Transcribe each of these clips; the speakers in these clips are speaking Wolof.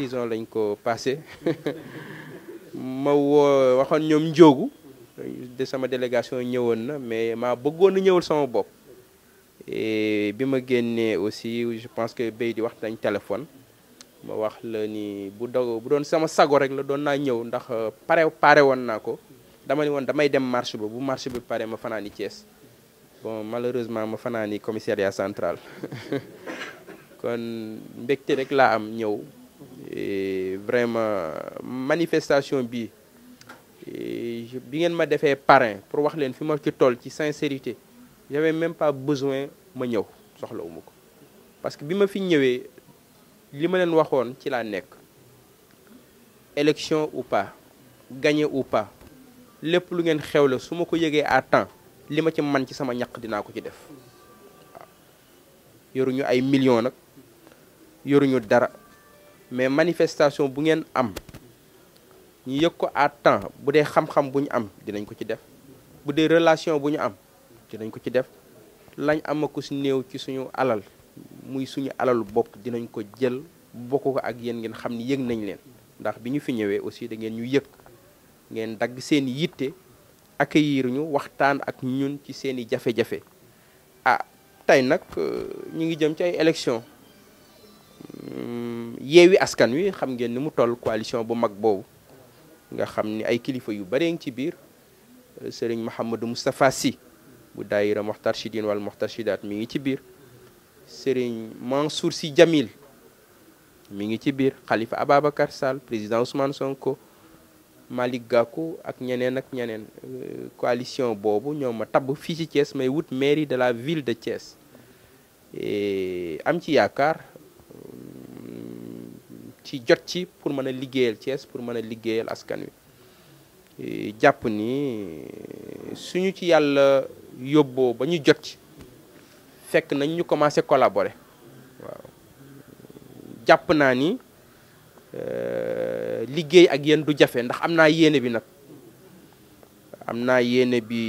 prison lañ ko passé ma woo waxoon ñoom njóogu de sama délégation ñëwoon na mais maa bëggoon a ñëwal sama bopp et bi ma génnee aussi je pense que béy di wax nañ téléphone ma wax la ni bu dog bu doon sama sago rek la doon naa ñëw ndax euh, pare pare woon naa ko dama ni woon damay dem marché ba bu marché bi pare ma fanaani Thiès bon malheureusement ma fanaani commissariat central kon mbégte rek laa am ñëw vraiment manifestation bi bi ngeen ma defee parrain pour wax leen fi ma ci tool ci sincérité j'avais même pas besoin ma ñëw soxlawuma ko parce que bi ma fi ñëwee li ma leen waxoon ci laa nekk élection ou pas gagné ou pas lépp lu ngeen xew la su ma ko yëgee à temps li ma ci man ci sama ñaq dinaa ko ci def waaw yoruñu ay millions nag yoruñu dara mais manifestation bu ngeen am ñu yëg ko à temps bu dee xam-xam bu ñu am dinañ ko ci def bu dee relation bu ñu am dinañ ko ci def lañ am ko si néew ci suñu alal muy suñu alalu bopp dinañ ko jël bokk ko ak yéen ngeen xam ni yëg nañ leen ndax bi ñu fi ñëwee aussi da ngeen ñu yëg ngeen dagg seen yitte accueillir ñu waxtaan ak ñun ci seen i jafe-jafe ah tey nag euh, ñu ngi jëm ci ay élection hmm, yeewi askan wi xam ngeen ni mu toll coalition bu mag boobu nga xam ni ay kilifa yu bare ngi ci biir euh, sëriñ Mouhamadou mustafa si bu daayira Muhtarchidine wal Muhtarchidaat mi ngi ci biir sëriñ Mansour si Jamil mi ngi ci biir Khalifa Ababacar Sall président Ousmane Sonko Malick Gakou ak ñeneen ak ñeneen euh, coalition boobu ñoo ma tabb fii ci Thiès may wut mairie de la ville de Thiès am ci yaakaar ci jot ci pour mën a liggéeyal cees pour mën a liggéeyal askan wi e, jàpp ni e, suñu ci yàlla yóbboo ba ñu jot ci fekk nañ ñu commencé collaborer waaw jàpp naa ni e, liggéey ak yéen du jafe ndax am naa yéene bi nag am naa yéene bi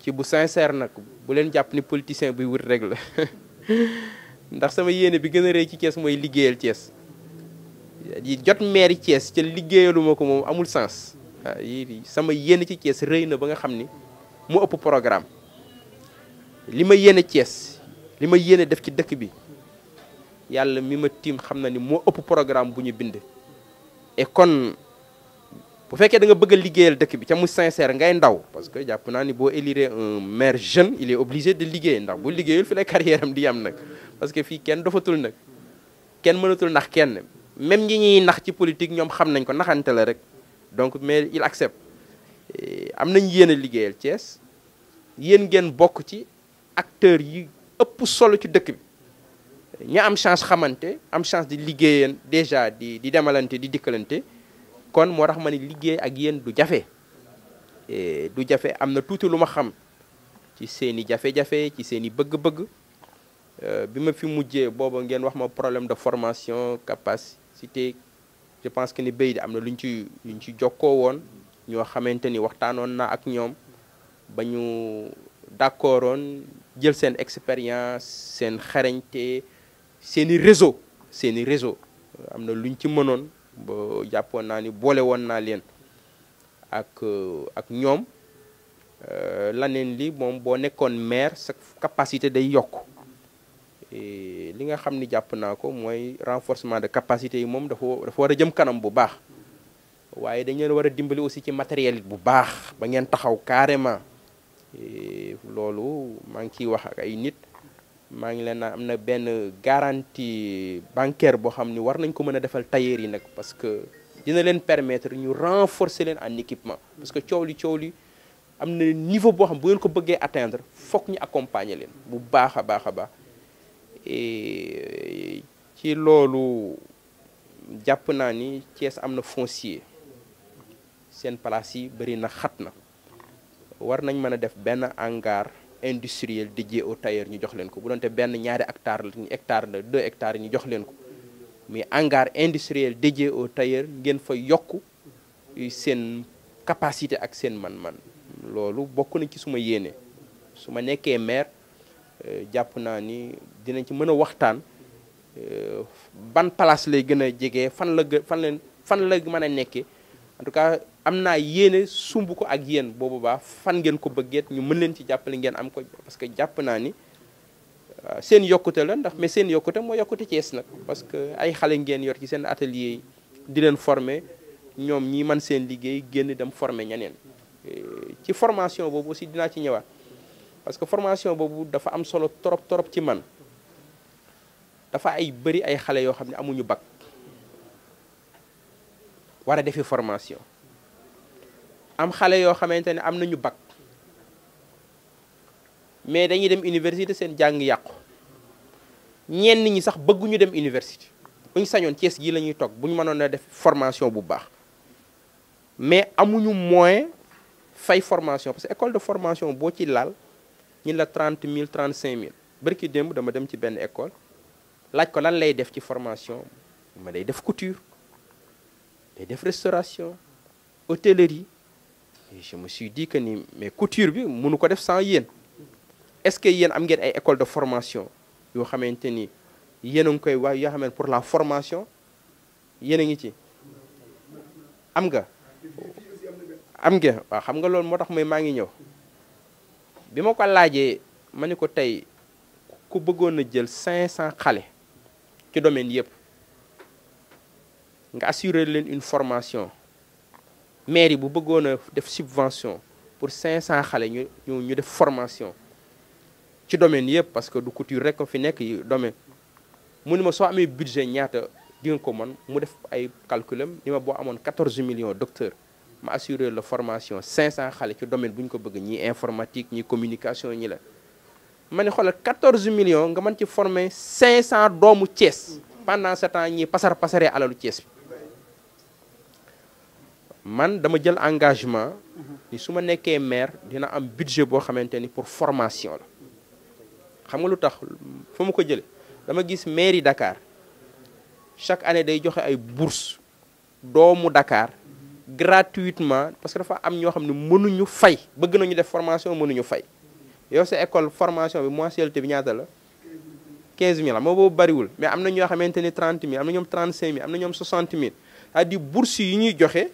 ci bu sincère nag bu leen jàpp ni politicien buy wut rek la ndax sama yéene bi gën a rëy ci Thiès mooy liggéeyal Thiès yi jot maire cees ca liggéeyaluma ko moom amul sens waaw ah, yi sama yéene ci Thiès rëy na ba nga xam ni mu ëpp programme li ma yéene Thiès li ma yéene def ci dëkk bi yàlla mi ma tiim xam na ni moo ëpp programme bu ñu bind et kon bu fekkee da nga bëgg liggéeyal dëkk bi ca mu sincère ngay ndaw parce que jàpp naa ni boo élire un maire jeune il est obligé de liggéey ndax bu liggéeyul fi la carrière am di am nag parce que fii kenn dofatul nag kenn mënatul ndax kenn même ñi ñuy nax ci politique ñoom xam nañ ko naxante la rek donc mais il accepte am nañ yéen a liggéeyal cees yéen ngeen bokk ci acteurs yi ëpp solo ci dëkk bi ña am chance xamante am chance di liggéeyeen déjà di di demalante di dikkalante kon moo tax ma ne liggéey ak yéen du jafe du jafe am na tuuti lu ma xam ci seen i jafe-jafe ci seen i bëgg-bëgg euh, bi ma fi mujjee booba ngeen wax ma problème de formation capacité ci te je pense que ni béy di am na lu ñu ci lu ñu ci jokkoo woon ñoo xamante ni waxtaanoon naa ak ñoom ba ñu d'accordoon jël seen expérience seen xarañte seeni réseau seeni réseau am na lu luñ ci mënoon ba jàppoon naa ni boole woon naa leen ak ak ñoom euh, laneen li moom boo nekkoon maire sa capacité day yokk li nga xam ni jàpp naa ko mooy renforcement de capacité yi moom dafa dafa war a jëm kanam bu baax waaye dañ leen war a dimbali aussi ci matériel yi bu baax ba ngeen taxaw carrément loolu maa ngi ciy wax ay nit maa ngi leen am na benn garantie bancaire boo xam ni war nañ ko mën a defal tailleur yi nag parce que dina leen permettre ñu renforcer leen en équipement parce que coow li coow li am na niveau boo xam bu ngeen ko bëggee atteindre foog ñu accompagner leen bu baax baax a baax ci loolu jàpp naa ni Thiès am na foncier seen place yi bëri na xat na war nañ mën a def benn hangar industriel dédié au tailleur ñu jox leen ko bu doonte benn ñaari hectare la hectare la deux hectares ñu jox leen ko mais hangar industriel dédié au tailleur ngeen fa yokk seen capacité ak seen man-man loolu bokk na ci suma yéene su nekkee maire jàpp naa ni dinañ ci mën a waxtaan euh, ban place lay gën a jege fan la fan la fan la mën a nekkee en tout am naa yéene sumb ko ak yéen boobu baax fan ngeen ko bëggeet ñu mën leen ci jàppale ngeen am ko parce que jàpp naa ni euh, seen yokkute la ndax mais seen yokkute moo yokkute Cees nag parce que ay xale ngeen yor ci seen atelier yi di leen former ñoom ñi man seen liggéey génn dem former ñeneen ci formation boobu aussi dinaa ci ñëwaat parce que formation boobu dafa am solo trop trop ci man dafa ay bëri ay xale yoo xam ne amuñu bag war a defi formation am xale yoo xamante ne am na ñu bag mais dañuy dem université seen jàng yàqu ñenn ñi sax bëgguñu dem université buñ sañoon Cees gii la ñuy toog ñu mënoon a def formation bu baax mais amuñu moyen fay formation parce école de formation boo ci laal. ñi la trente mille trente cinq mille bërki démb dama dem ci benn école laaj ko lan lay def ci formation ma day def couture day def restauration hôtellerie Et je me ni mais couture bi mënu ko def sans yéen est-ce que yéen am ngeen ay école de formation yoo xamante ni yéen a ngi koy wax yoo xamante pour la formation yéen a ngi ci am nga am nga waaw xam nga loolu moo tax may maa ngi ñëw bi ma ko laajee ma ne ko tey ku bëggoon a jël 500 xale ci domaine yëpp nga assurer leen une formation mairie bu bëggoon a def subvention pour cinq 500 xale ñu ñu def formation ci domaine yëpp parce que du couture rek ko fi nekk yi domaine mu ni ma soo amee budget ñaata di ko man mu def ay calculam ni ma boo amoon 14 millions docteur ma assuré la formation cinq cent xale ci domaine bu ñu ko bëgg ñii informatique ñi communication ñi la ma ne xoolal 14 millions nga mën ci former cent doomu Thiès pendant ce temps ñi pasar pasaree alalu Thiès bi man dama jël engagement ni su ma nekkee maire dina am budget boo xamante ni pour formation la xam nga lu tax fa mu ko jële dama gis mairie dakaar chaque année day joxe ay bourse doomu dakaar gratuitement parce que dafa am ñoo xam ne mënuñu fay bëgg nañu def formation mënuñu fay yow sa école formation bi mensualité bi ñaata la 15000 la moo boobu bariwul mais am na ñoo xamante ni 30000 am na ñoom 35000 am na ñoom 60000 c'est-à-dire bourse yi ñuy joxe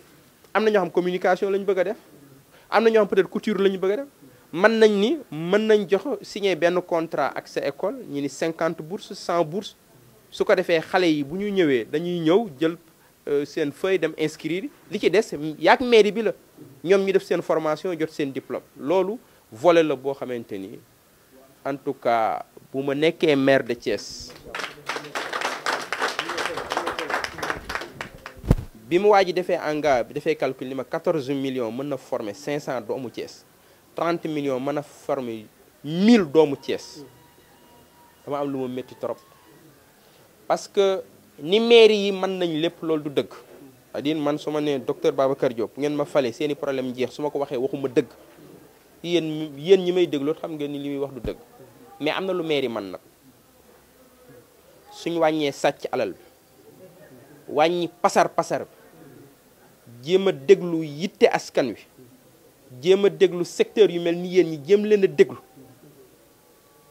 am na ñoo xam communication la bëgg a def am na ñoo xam peut-être couture la ñu bëgg a def mën nañ ni mën nañ jox signer benn contrat ak sa école ñu ni cinquante bourses cent bourses su ko defee xale yi bu ñu ñëwee dañuy ñëw jël. Euh, seen feuille dem inscrire li ci des yaak mairie bi la ñoom ñu def seen formation jot seen diplôme loolu vole la boo xamante ni en tout cas bu ma nekkee maire de Thiès bi mu waa ji defee engrais bi defee calcul ni ma 14 millions mën na former 500 doomu Thiès 30 millions mën a former mille doomu Thiès dama am lu ma métti trop parce ni mairie yi mën nañ lépp loolu du dëgg adin man su ma nee docteur Babacar Diop ngeen ma falee seeni i problème jeex su ma ko waxee waxuma dëgg yéen yéen ñi may déglu xam ngeen ni li muy wax du dëgg mais am na lu mairie man nag suñ wàññee sàcc alal bi wàññi pasar pasar bi jéem a déglu yitte askan wi jéem a déglu secteur yu mel ni yéen ñi jéem leen a déglu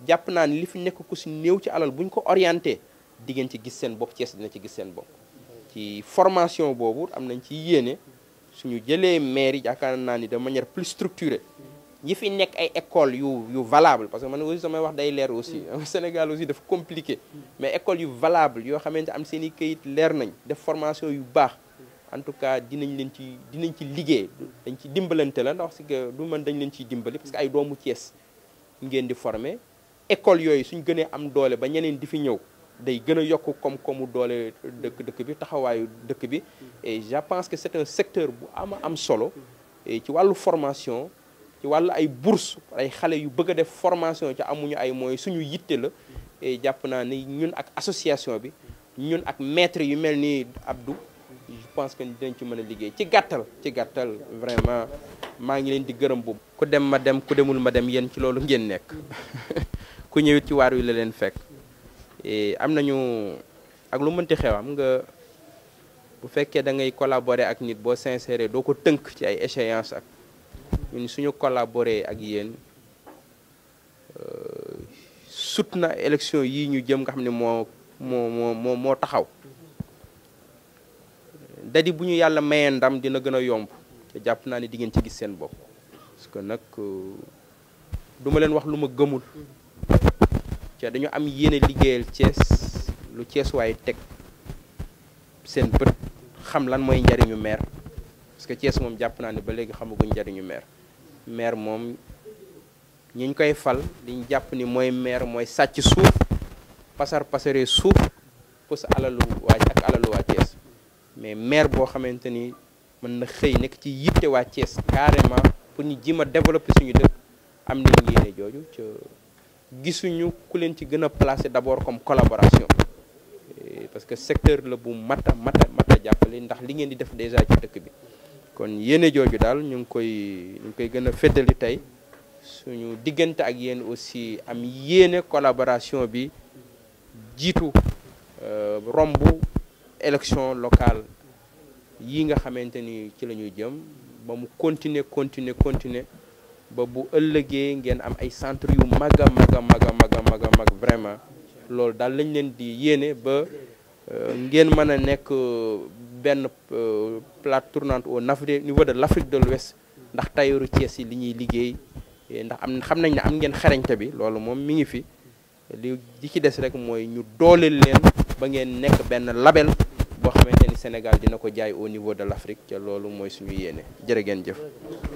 jàpp naa ni li fi nekk ku si néew ci alal buñ ko orienté di ngeen ci gis seen bopp Thiès dina ci gis seen bopp ci formation boobu am nañ ci yéene suñu jëlee maire yi yaakaar naa ni de manière plus structurée ñi fi nekk ay école yu yu valable parce que man aussi samay wax day leer aussi Sénégal aussi dafa compliqué mais école yu valable yoo xamante am seen i kayit leer nañ def formation yu baax en tout cas dinañ leen ci dinañ ci liggéey dañ ci dimbalante la ndax si que du mën dañ leen ciy dimbali parce que ay doomu Thiès ngeen di former école yooyu suñ gënee am doole ba ñeneen di ñëw day gën a yokk koom-koomu doole dëkk dëkk bi taxawaayu dëkk bi et je pense que c'est un secteur bu ama am solo ci wàllu formation ci wàllu ay bourse ay xale yu bëgg a def formation ci amuñu ay moyens suñu yitte la et jàpp naa ni ñun ak association bi ñun ak maître yu mel ni Abdou je pense que dinañ ci mën a liggéey ci gàttal ci gàttal vraiment maa ngi leen di gërëm bu ku dem ma dem ku demul ma dem yéen ci loolu ngeen nekk ku ñëwit ci waar wi la leen fekk Eh, am nañu ak lu mënti xew am nga bu fekkee da ngay collaborer ak nit boo sincère doo ko tënk ci ay échéance ak ñun suñu collabore ak yéen euh, sut na élection yii ñu jëm nga xam ne moo moo moo moo taxaw dadi bu ñu yàlla mayee ndam dina gën a yomb te jàpp naa ne di ngeen ci gis seen bopp parce nag euh, du leen wax lu ma gëmul ca dañu am yéene liggéeyal Thiès lu Thiès waaye teg seen bët xam lan mooy njariñu maire parce que Thiès moom jàpp naa ne ba léegi xamaguñ njariñu maire maire moom ñu ñu koy fal liñ jàpp ni mooy maire mooy sàcc suuf pasar pasare suuf pës alalu waa ak alalu waa Thiès mais maire boo xamante ni mën na xëy nekk ci yitte waa Thiès carrément pour ñu jima développer suñu dëkk am nañ yéene jooju gisuñu ku leen ci gën a placer d'abord comme collaboration parce que secteur la bu mata mata mata jàppale ndax li ngeen di def déjà ci dëkk bi kon yéene jooju daal ñu ngi koy ñu koy gën a feddali tey suñu diggante ak yéen aussi am yéene collaboration bi jiitu euh, romb élection locale yi nga xamante ni ci la ñuy jëm ba mu continuer continuer continuer ba bu ëllëgee ngeen am ay centre yu mag a mag a mag a mag a mag vraiment loolu daal lañ leen di yéene ba euh, ngeen mën a nekk euh, benn euh, plate tournante au niveau de l'Afrique de l'Ouest ndax tailleur Thiès yi li ñuy liggéey ndax am xam nañ ne am ngeen xarañte bi loolu moom mi ngi fi li di ci des rek mooy ñu dooleel leen ba ngeen nekk benn label boo xamante ni Sénégal dina ko jaay au niveau de l'Afrique ca loolu mooy suñu yéene jërë ngeen jëf